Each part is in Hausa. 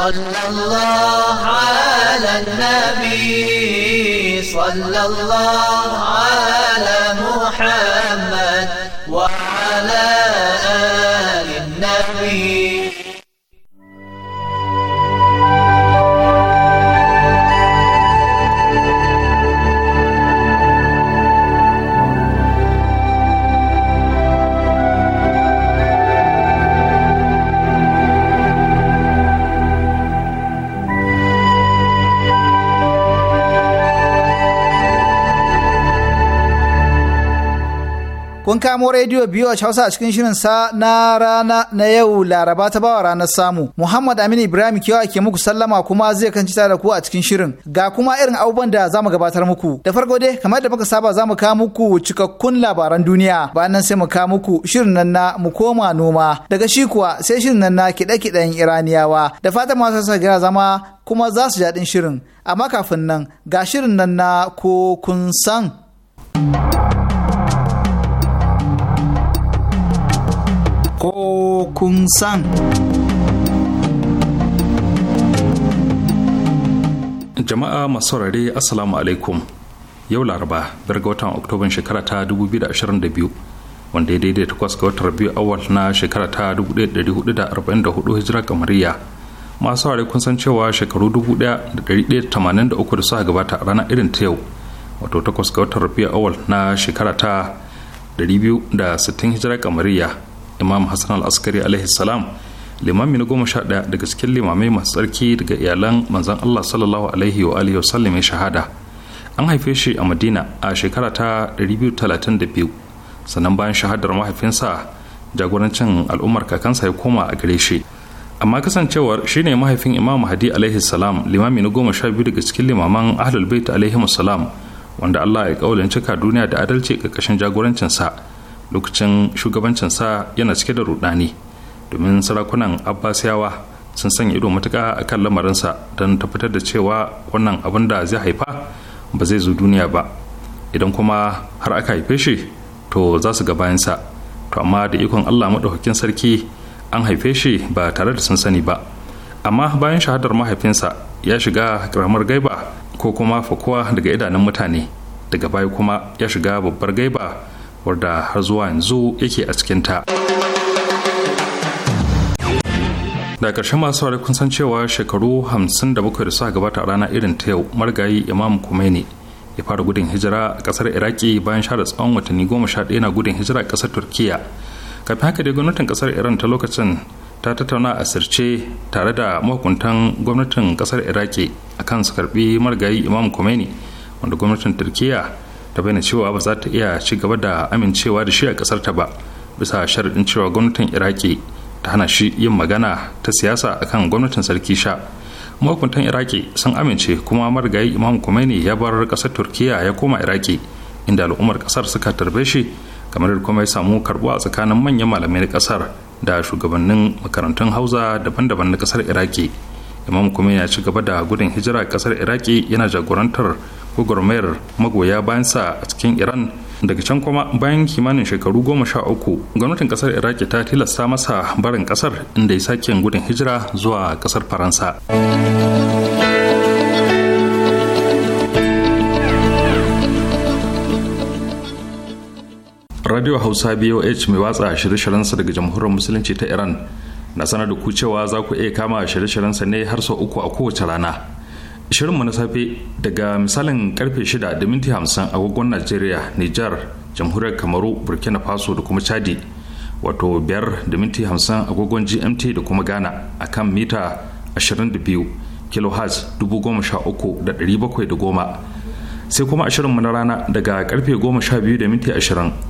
صلى الله على النبي صلى الله على محمد وعلى آل النبي kun kamo rediyo biyu a Hausa a cikin shirin sa na rana na yau Laraba ta bawa ranar samu. Muhammad Aminu Ibrahim kiyo ke muku sallama kuma zai kanci tare da ku a cikin shirin. Ga kuma irin abubuwan da zamu gabatar muku. Da farko dai kamar da muka saba zamu kawo muku cikakkun labaran duniya. Bayan nan sai mu kawo muku shirin nan na mu koma noma. Daga shi kuwa sai shirin nan na kiɗe-kiɗen Iraniyawa. Da fatan masu sa gara zama kuma za su jaɗin shirin. Amma kafin nan ga shirin nan na ko kun san. thank you ko kun san. Jama'a masu saurare Assalamu alaikum yau Laraba daga watan Oktoba shekara ta 2022 wanda ya daidai takwas ga watan biyu awal na shekara ta 1444 hijira kamariya masu saurare kun san cewa shekaru 1183 da suka gabata a ranar irin ta yau wato takwas ga watan biyu awal na shekara ta 260 hijira kamariya imam hassan al-askari alaihi salam limami na goma sha ɗaya daga cikin limamai masu tsarki daga iyalan manzan allah sallallahu alaihi wa alihi wasallam ya shahada an haife shi a madina a shekara ta 232 sannan bayan shahadar mahaifinsa jagorancin al'ummar kakansa ya koma a gare shi amma kasancewar shine mahaifin imam hadi alaihi salam limami na goma sha biyu daga cikin limaman ahlul bait alaihi salam wanda allah ya kaulin cika duniya da adalci ƙarƙashin jagorancinsa lokacin shugabancinsa yana cike da rudani domin sarakunan abbasiyawa sun sanya ido matuka a kan lamarinsa don tabbatar da cewa wannan abin da zai haifa ba zai zo duniya ba idan kuma har aka haife shi to za su ga bayansa to amma da ikon allah maɗaukakin sarki an haife shi ba tare da sun sani ba amma bayan shahadar mahaifinsa ya shiga ƙaramar gaiba ko kuma fakuwa daga idanun mutane daga baya kuma ya shiga babbar gaiba wadda har zuwa yanzu yake a cikinta. da ƙarshen masu wari kun san cewa shekaru 57 da suka gabata a rana irin ta yau marigayi imam Khomeini ya fara gudun hijira a ƙasar iraki bayan share tsawon watanni goma sha ɗaya na gudun hijira a ƙasar turkiya kafin haka dai gwamnatin ƙasar iran ta lokacin ta tattauna a sirce tare da mahukuntan gwamnatin ƙasar iraki akan su karɓi marigayi imam Khomeini wanda gwamnatin turkiya ta bayyana cewa ba za ta iya ci gaba da amincewa da shi a kasar ta ba bisa sharaɗin cewa gwamnatin iraki ta hana shi yin magana ta siyasa akan gwamnatin sarki sha mahukuntan iraki sun amince kuma marigayi imam kumaini ya bar kasar turkiya ya koma iraki inda al'ummar kasar suka tarbe shi kamar da kuma ya samu a tsakanin manyan malamai na kasar da shugabannin makarantun hausa daban-daban na kasar iraki imam kuma ya ci gaba da gudun hijira kasar iraki yana jagorantar gwagwarmayar magoya bayan sa a cikin iran daga can kuma bayan kimanin shekaru goma sha uku gwamnatin kasar iraki ta tilasta masa barin kasar inda ya sake gudun hijira zuwa kasar faransa radio hausa boh mai watsa shirye-shiryensa daga jamhuriyar musulunci ta iran na sanar da ku cewa za ku iya kama shirye-shiryen sa ne har sau uku a kowace rana shirinmu na safe daga misalin karfe 6 da minti 50 agogon najeriya nijar jamhuriyar kamaru burkina faso da kuma chadi wato 5 da minti 50 agogon gmt da kuma ghana a kan mita 22 da goma sai kuma ashirinmu na rana daga karfe 12 da minti 20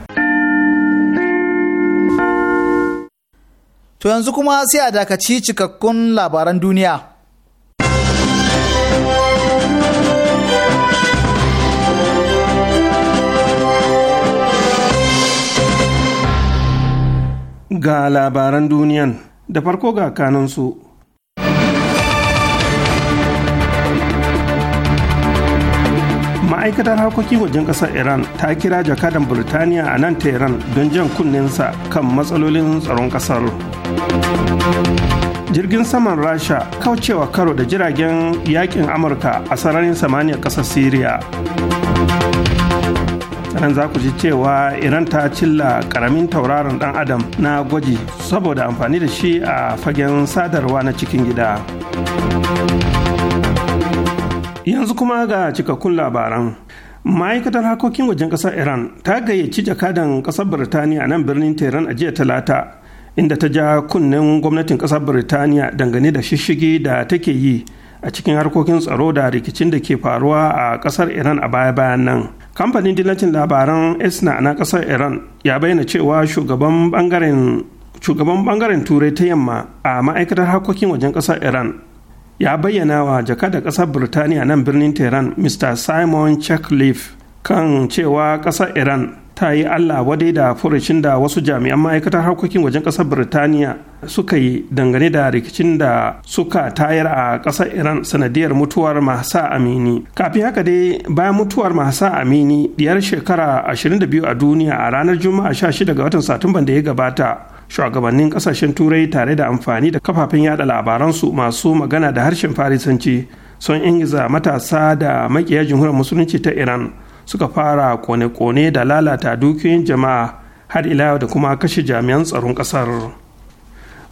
To yanzu kuma sai a dakaci cikakkun labaran duniya. Ga labaran duniyan da farko ga kanansu. ma'aikatar harkokin wajen ƙasar iran ta kira jakadan burtaniya a nan tehran don jan kunninsa kan matsalolin tsaron ƙasar jirgin saman rasha kaucewa karo da jiragen yakin amurka a sararin samaniyar ƙasar syria nan za ku ji cewa iran ta cilla karamin tauraron dan adam na gwaji saboda amfani da shi a fagen sadarwa na cikin gida yanzu kuma ga cikakkun labaran ma'aikatar harkokin wajen ƙasar iran ta gayyaci jakadan ƙasar birtaniya nan birnin tehran a jiya talata inda ta ja kunnen gwamnatin ƙasar birtaniya dangane da shishigi da take yi a cikin harkokin tsaro da rikicin da ke faruwa a ƙasar iran a baya-bayan nan kamfanin dillacin labaran esna na kasar iran ya bayyana cewa shugaban bangaren turai ta yamma a ma'aikatar harkokin wajen ƙasar iran ya bayyana wa jakadar ƙasar birtaniya nan birnin tehran mr simon checkleaf kan cewa ƙasar iran ta yi allah wadai da furucin da wasu jami'an ma'aikatar harkokin wajen ƙasar birtaniya suka yi dangane da rikicin da suka tayar a ƙasar iran sanadiyar mutuwar mahsa amini kafin haka dai bayan mutuwar mahsa amini diyar shekara 22 a duniya a ranar juma'a 16 ga watan satumban da ya gabata shugabannin kasashen turai tare da amfani da kafafen yada labaransu masu magana da harshen farisanci sun ingiza matasa da makiya jamhuriyar musulunci ta iran suka fara kone-kone da lalata dukiyoyin jama'a har ila da kuma kashe jami'an tsaron kasar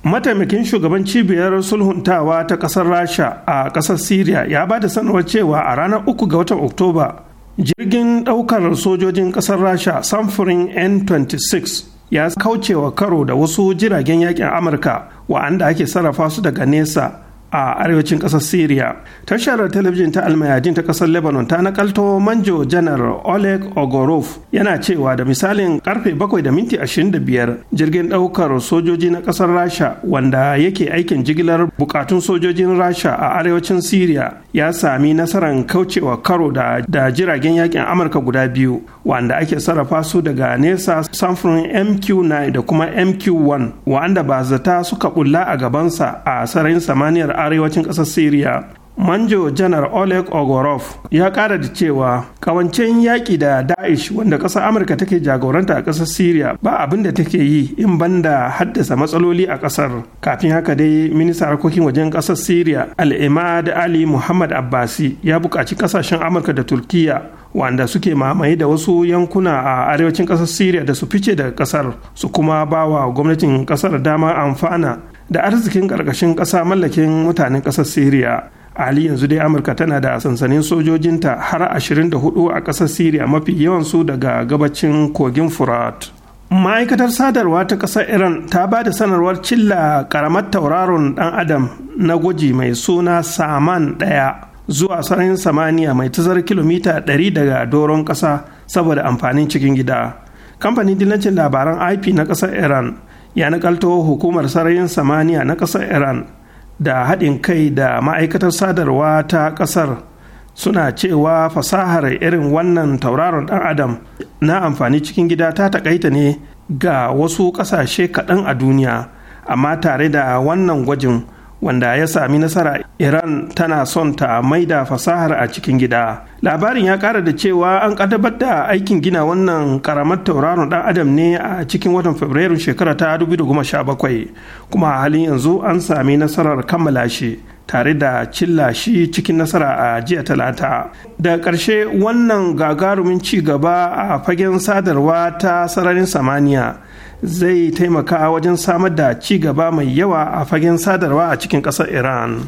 mataimakin shugaban cibiyar sulhuntawa ta kasar rasha a kasar syria ya ba da sanarwar cewa a ranar uku ga watan oktoba jirgin daukar sojojin kasar rasha samfurin n 26 ya kaucewa karo da wasu jiragen yakin amurka wa'anda ake sarrafa su daga nesa a arewacin ƙasar syria tashar talabijin ta almayadin ta ƙasar lebanon ta nakalto manjo janar oleg ogorov yana cewa da misalin karfe 7:25 jirgin ɗaukar sojoji na ƙasar rasha wanda yake aikin jigilar bukatun sojojin rasha a arewacin syria ya sami nasarar kaucewa karo da, da jiragen yakin amurka guda biyu wanda ake sarrafa su daga nesa samfurin mq9 da kuma mq1 wanda ba zata suka bulla a gabansa a sararin samaniyar arewacin ƙasar syria manjo janar oleg ogorov ya kara da cewa kawancen yaƙi da daesh wanda ƙasar amurka take jagoranta a ƙasar syria ba abin da take yi in banda haddasa matsaloli a ƙasar kafin haka dai minista harkokin wajen ƙasar syria al'imad ali muhammad abbasi ya buƙaci ƙasashen amurka da turkiyya. wanda suke mamaye da wasu yankuna a arewacin ƙasar syria da su fice daga ƙasar su kuma ba wa gwamnatin ƙasar dama amfana da arzikin ƙarƙashin ƙasa mallakin mutanen ƙasar syria ali yanzu dai amurka tana da sansanin sojojinta har 24 a ƙasar syria mafi yawansu daga gabacin kogin furat ma'aikatar sadarwa ta ƙasar iran ta ba da sanarwar cilla ƙaramar tauraron ɗan adam na gwaji mai suna saman daya. zuwa sararin samaniya mai tazar kilomita 100 daga doron ƙasa saboda amfanin cikin gida kamfanin dinancin labaran ip na ƙasar iran ya nakalto hukumar sararin samaniya na ƙasar iran da haɗin kai da ma'aikatar sadarwa ta ƙasar suna cewa fasahar irin wannan tauraron ɗan adam na amfani cikin gida ta taƙaita ne ga wasu ƙasashe kaɗan a duniya amma tare da wannan gwajin wanda ya sami nasara iran tana son ta maida fasahar a cikin gida labarin ya kara da cewa an kadabar da aikin gina wannan karamar tauraron dan adam ne a cikin watan fabrairu shekara ta 2017 kuma a halin yanzu an sami nasarar kammala shi tare da cilla shi cikin nasara a jiya talata da ƙarshe wannan gagarumin ci gaba a fagen sadarwa ta sararin samaniya zai taimaka wajen samar da ci gaba mai yawa a fagen sadarwa a cikin ƙasar iran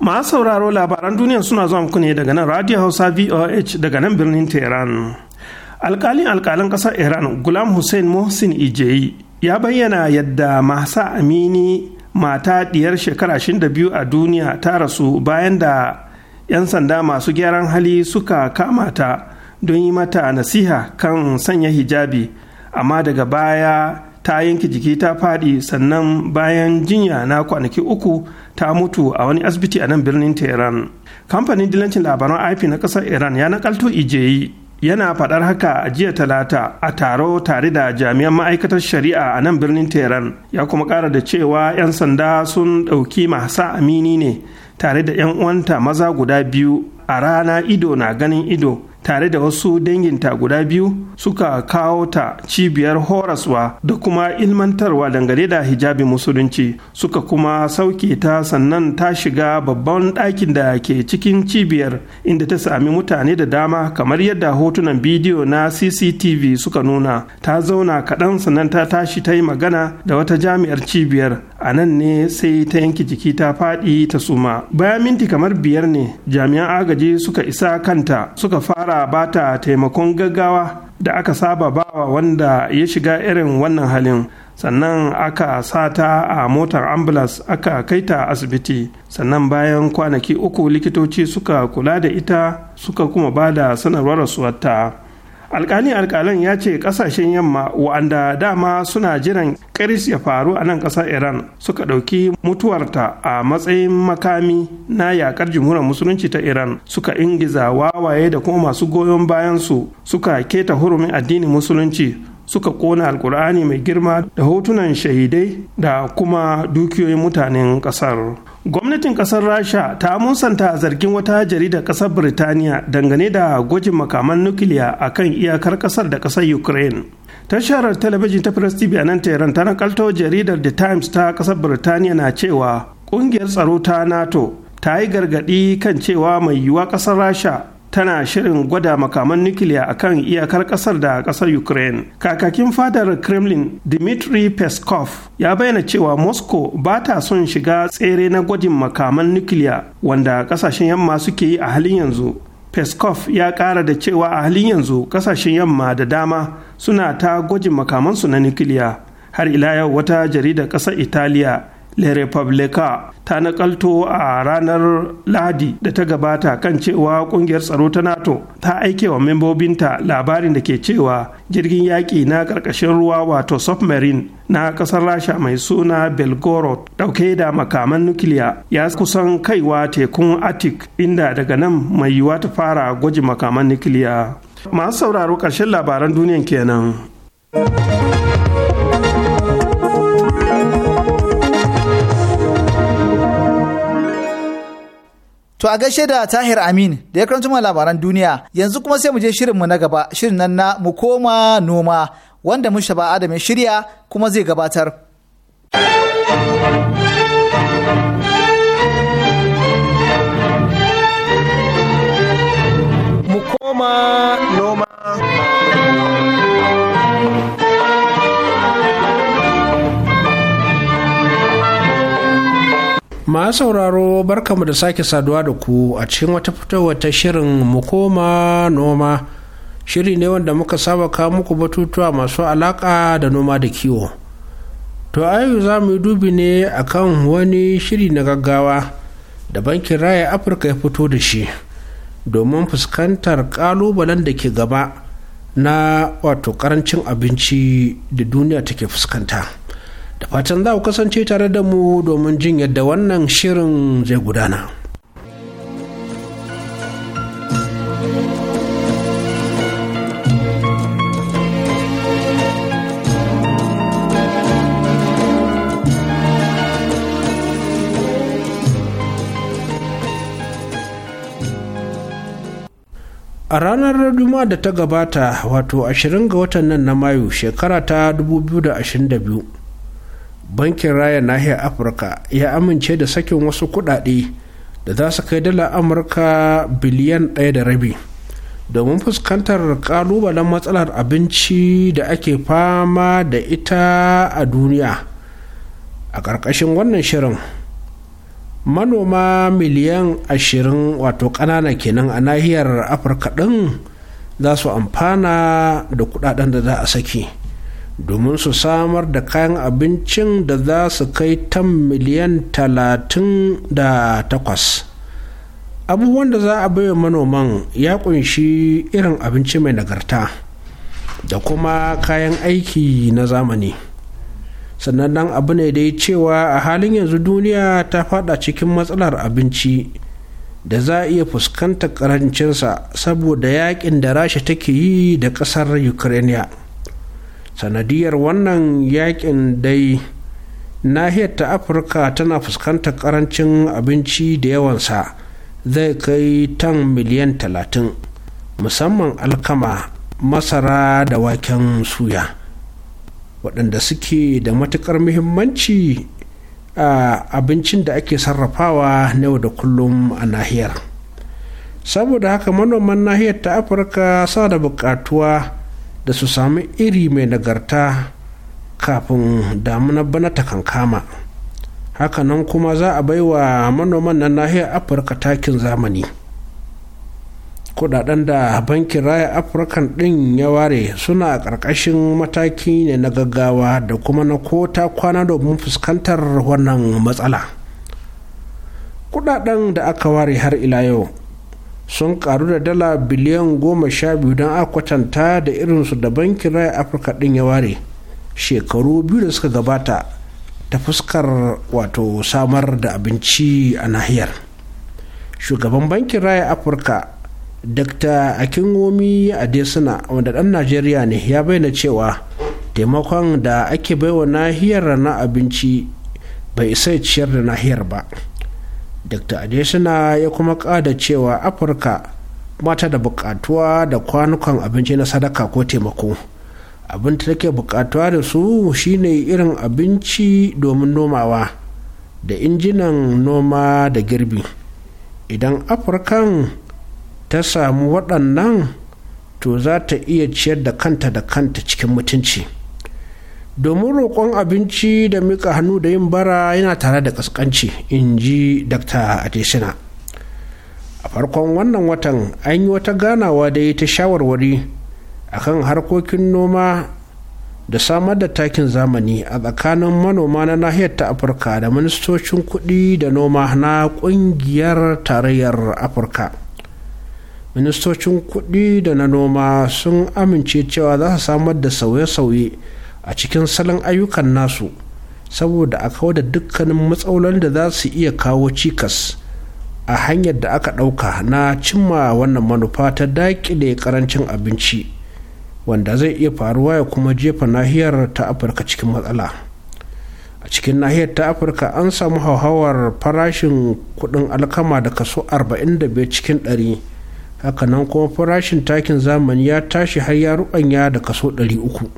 masu sauraro labaran duniya suna zuwa muku ne daga nan radio hausa voh daga nan birnin tehran alkalin alkalin ƙasar iran gulam hussein mohsin ijeyi ya bayyana yadda masa amini mata diyar shekara 22 a duniya ta rasu bayan da 'yan sanda masu gyaran hali suka kama ta don yi mata nasiha kan sanya hijabi amma daga baya ta yanke jiki ta faɗi sannan bayan jinya na kwanaki uku ta mutu a wani asibiti a nan birnin tehran kamfanin dilancin labaran ip na ƙasar iran ya nakalto ijeyi yana faɗar haka a jiya talata a taro tare da jami'an ma'aikatar shari'a a nan birnin tehran ya kuma ƙara da cewa 'yan sanda sun ɗauki masa amini ne tare da 'yan uwanta maza guda biyu a rana ido na ganin ido tare da wasu danginta guda biyu suka kawo ta cibiyar horaswa da kuma ilmantarwa dangane da hijabi musulunci suka kuma sauke ta sannan ta shiga babban ɗakin da ke cikin cibiyar inda ta sami mutane da dama kamar yadda hotunan bidiyo na cctv suka nuna ta zauna kaɗan sannan ta tashi ta yi magana da wata jami'ar cibiyar a nan ne sai ta yanke jiki ta faɗi ta suma bayan minti kamar biyar ne jami'an agaji agaji suka isa kanta suka fara bata taimakon gaggawa da aka saba bawa wanda ya shiga irin wannan halin sannan aka sata a motar ambulance aka kai ta asibiti sannan bayan kwanaki uku likitoci suka kula da ita suka kuma bada sanarwar rasuwarta. alƙalin alkalan ya ce kasashen yamma wa'anda dama suna jiran karis ya faru a nan ƙasar iran suka ɗauki mutuwarta a matsayin makami na yakar jamhuriyar musulunci ta iran suka ingiza wawaye da kuma masu goyon bayan su suka keta hurumin addinin musulunci suka kona alkur'ani mai girma da hotunan shahidai da kuma dukiyoyin mutanen ƙasar gwamnatin kasar rasha ta musanta zargin wata jaridar kasar birtaniya dangane da gwajin makaman nukiliya a kan iyakar kasar da kasar ukraine tashar talabijin ta press a nan tehran ta nakalto jaridar the times ta kasar birtaniya na cewa kungiyar tsaro ta nato ta yi gargadi kan cewa mai yiwuwa kasar rasha tana shirin gwada makaman nukiliya a kan iyakar kasar da kasar ukraine kakakin fadar kremlin dmitry peskov ya bayyana cewa moscow ba ta son shiga tsere na gwajin makaman nukiliya wanda kasashen yamma suke yi a halin yanzu peskov ya kara da cewa a halin yanzu kasashen yamma da dama suna ta gwajin makamansu na nukiliya har ila yau wata jaridar ƙasar italiya Le Republica ta nakalto a ranar ladi da ta gabata kan cewa kungiyar tsaro ta NATO ta aike wa membobinta labarin da ke cewa jirgin yaƙi na ƙarƙashin ruwa wato submarine na ƙasar Rasha mai suna Belgorod ɗauke da makaman nukiliya ya kusan kaiwa tekun Arctic inda daga nan mai yiwuwa ta fara gwaji makaman nukiliya. Masu sauraro ƙarshen labaran duniyan kenan. To a gaishe da Tahir Amin da ya mana labaran duniya yanzu kuma sai mu je shirin mu na gaba shirin nan na mu koma noma wanda mun shaba Adam ya shirya kuma zai gabatar. Mu koma noma. ma sauraro barkamu da sake saduwa da ku a cikin wata fitowar ta shirin mu koma noma shiri ne wanda muka saba ka muku batutuwa masu alaka da noma da kiwo to ayu za mu yi dubi ne akan wani shiri na gaggawa da bankin raya afirka ya fito da shi domin fuskantar kalubalen da ke gaba na wato karancin abinci da duniya take fuskanta. da fatan za ku kasance tare da mu domin jin yadda wannan shirin zai gudana. a ranar juma da ta gabata wato 20 ga watan nan na mayu shekara ta 2022 bankin raya nahiyar afirka ya amince da sakin wasu kudade da za su kai dala amurka biliyan ɗaya da rabi domin fuskantar kalubalen matsalar abinci da ake fama da ita a duniya a ƙarƙashin wannan shirin manoma miliyan ashirin wato ƙanana kenan a nahiyar afirka ɗin za su amfana da kudaden da za a saki. domin su samar da kayan abincin da za su kai ta miliyan talatin da takwas abubuwan da za a baiwa manoman ya kunshi irin abinci mai nagarta da kuma kayan aiki na zamani sannan nan abu ne dai cewa a halin yanzu duniya ta fada cikin matsalar abinci da za a iya fuskantar karancinsa saboda yakin da rasha take yi da kasar ukraine sanadiyar wannan yakin dai nahiyar ta afirka tana fuskantar karancin abinci da yawansa zai kai tan miliyan talatin musamman alkama masara da waken suya waɗanda suke da matuƙar muhimmanci a abincin da ake sarrafawa na yau da kullum a nahiyar saboda haka manoman nahiyar ta afirka sa da buƙatuwa da su sami iri mai nagarta kafin damuna bana ta kankama hakanan kuma za a baiwa manoman na nahiyar afirka takin zamani kudaden da bankin raya afirka din ya ware suna a ƙarƙashin mataki ne na gaggawa da kuma na kota kwana domin fuskantar wannan matsala kudaden da aka ware har ila yau sun karu da dala biliyan goma sha biyu don akwatanta da irinsu da bankin raya afirka din ya ware shekaru biyu da suka gabata ta fuskar wato samar da abinci a nahiyar shugaban bankin raya afirka dr akinwomi adesina wanda dan najeriya ne ya bayyana cewa taimakon da ake baiwa nahiyar na abinci bai isa ciyar da nahiyar ba dr adesina ya kuma kada cewa afirka mata da bukatuwa da kwanukan abinci na sadaka ko taimako abin da take bukatuwa da su shine irin abinci domin nomawa da injinan noma da girbi idan afirkan ta samu waɗannan to za ta iya ciyar da kanta da kanta cikin mutunci. domin roƙon abinci da mika hannu da yin bara yana tare da ƙasƙanci in ji a adesina a farkon wannan watan an yi wata ganawa da ta shawarwari akan harkokin noma da samar da takin zamani a tsakanin manoma na nahiyar ta afirka da ministocin kuɗi da noma na ƙungiyar tarayyar afirka ministocin kuɗi da na noma sun amince cewa za su samar da sauye-sauye a cikin salon ayyukan nasu saboda a kawo da dukkanin matsalolin da za su iya kawo cikas a hanyar da aka ɗauka na cimma wannan manufa ta daƙile ƙarancin abinci wanda zai iya faruwa ya kuma jefa nahiyar ta afirka cikin matsala a cikin nahiyar ta afirka an samu hauhawar farashin kuɗin alkama da kaso 45 cikin 100 hakanan kuma farashin takin zamani ya tashi har ya ruɓanya da kaso 300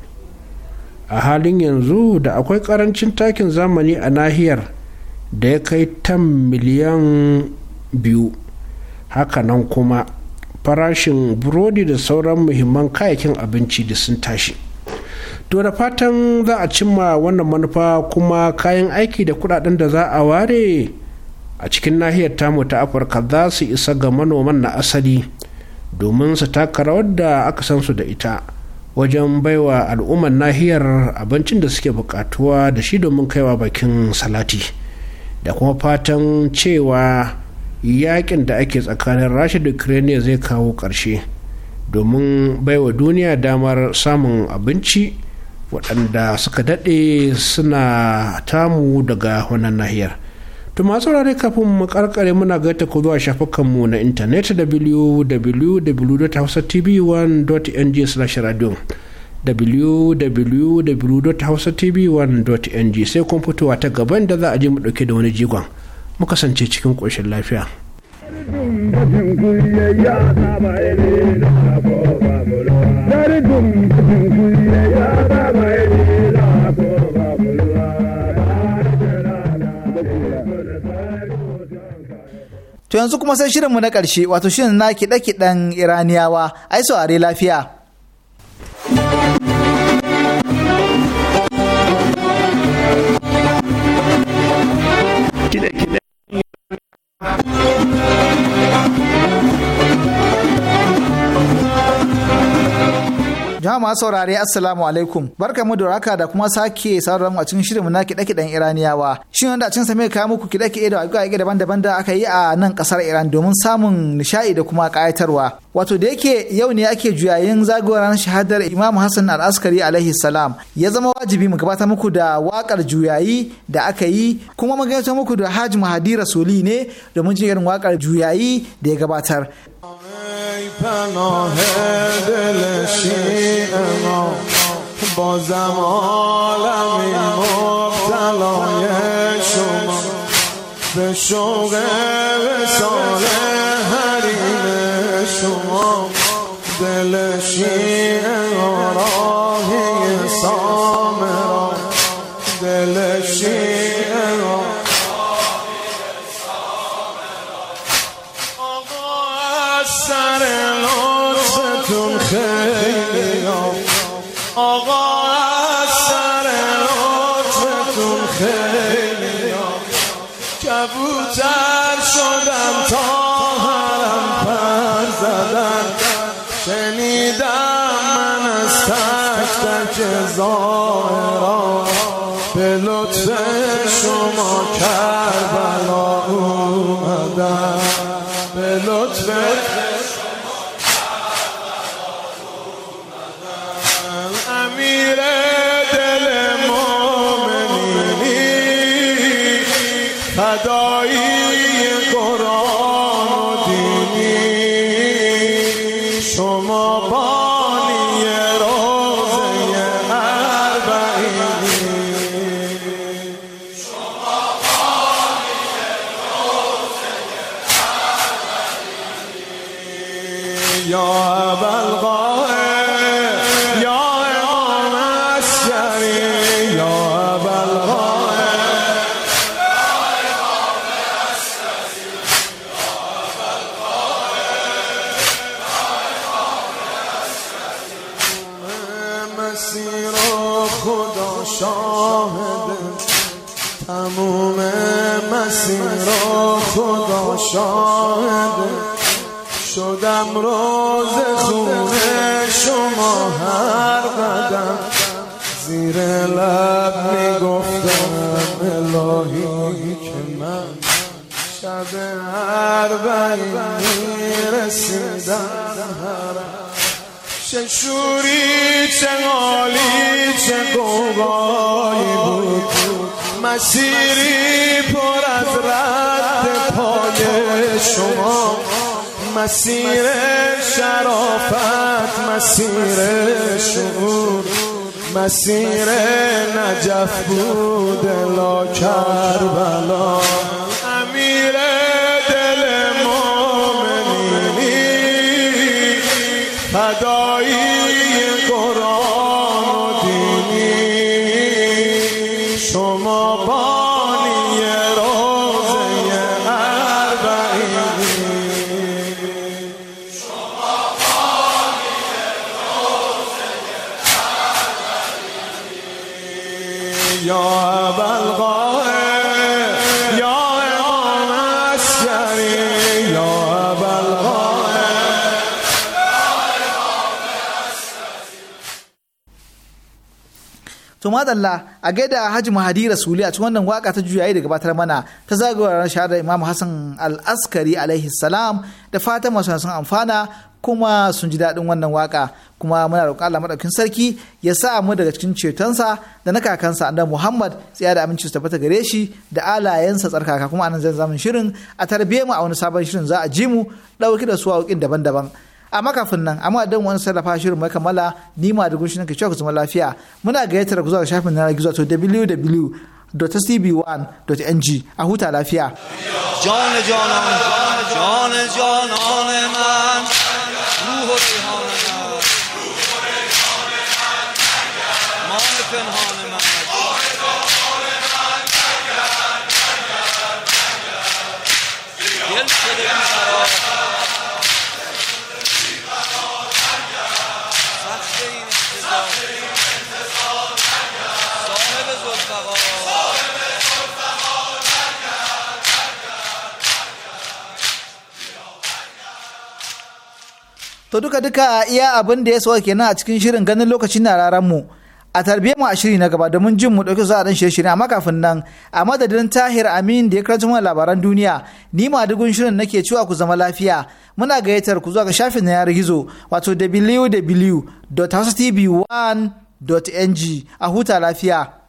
a halin yanzu da akwai karancin takin zamani a nahiyar da ya kai tan miliyan biyu hakanan kuma farashin burodi da sauran muhimman kayakin abinci da sun tashi to da fatan za a cimma wannan manufa kuma kayan aiki da kudaden da za a ware a cikin nahiyar tamu ta afirka za su isa ga manoman na asali domin su taka rawar da aka san su da ita wajen baiwa al'ummar nahiyar abincin da suke bukatuwa da shi domin kaiwa bakin salati da kuma fatan cewa yakin da ake tsakanin rasha da ukraine zai kawo ƙarshe domin baiwa duniya damar samun abinci waɗanda suka daɗe suna tamu daga wannan nahiyar To masu rare kafin mu karkare muna gaita ku zuwa shafukanmu na intanet www.hausatv1.ng/radio www.hausatv1.ng sai kun fitowa ta gaban da za a je mu dauke da wani jigon mu kasance cikin koshin lafiya. Dari dum ya To yanzu kuma sai shirinmu na ƙarshe wato shirin na kiɗe-kiɗen Iraniyawa ai saurare lafiya. Kiɗe-kiɗe Ma saurare assalamu alaikum barka mu da raka da kuma sake sauraron a cikin shirin na kiɗe-kiɗen iraniyawa shin wanda a cikin same kawo muku kiɗe-kiɗe da aiki aiki daban-daban da aka yi a nan kasar iran domin samun nishaɗi da kuma ƙayatarwa wato da yake yau ne ake juyayin zagoran shahadar imam hassan al-askari alaihi salam ya zama wajibi mu gabatar muku da wakar juyayi da aka yi kuma mu muku da hajji mahadi rasuli ne domin jin irin waƙar juyayi da ya gabatar ای پناه دل شیع ما بازم عالمی مبتلای شما به شوق وسال حریم شما دل شیع لطف شما کربلا مسیر را خدا شاهده تموم مسیر را خدا شاهده شدم روز خون شما هر قدم زیر لب میگفتم الهی که من شب هر بری رسیدم هر چه شوری چه غالی، چه گوی بود مسیری پر از رد پای شما مسیر شرافت مسیر شعور مسیر نجف بود لا کربلا adoi madalla a gaida hajji Mahadi Rasuli a cikin wannan waka ta juyayi da gabatar mana ta zagayowar shahadar Imam Hassan Al-Askari alaihi salam da fatan masu sun amfana kuma sun ji daɗin wannan waka kuma muna roƙon Allah madaukin sarki ya sa mu daga cikin cetonsa da na kakansa annabi Muhammad tsaya da aminci su tabbata gare shi da alayensa tsarkaka kuma anan zan zamin shirin a tarbiyyar mu a wani sabon shirin za a ji mu ɗauki da su daban-daban. amma kafin nan amma dan wani sarrafa shirin mai kammala ni ma da gunshin kai ku zama lafiya muna gayyatar ku zuwa ga shafin na gizo to wwwcb 1ng a huta lafiya John John John John John John to duka duka a iya abin da ya sauka kenan a cikin shirin ganin lokacin na raran mu a tarbiyyar mu a shiri na gaba domin jin mu dauki zuwa dan shirye shirye amma kafin nan a madadin tahir amin da ya karanta mana labaran duniya ni ma dugun shirin nake cewa ku zama lafiya muna gayyatar ku zuwa ga shafin na 'yar gizo wato www.housetv1.ng a huta lafiya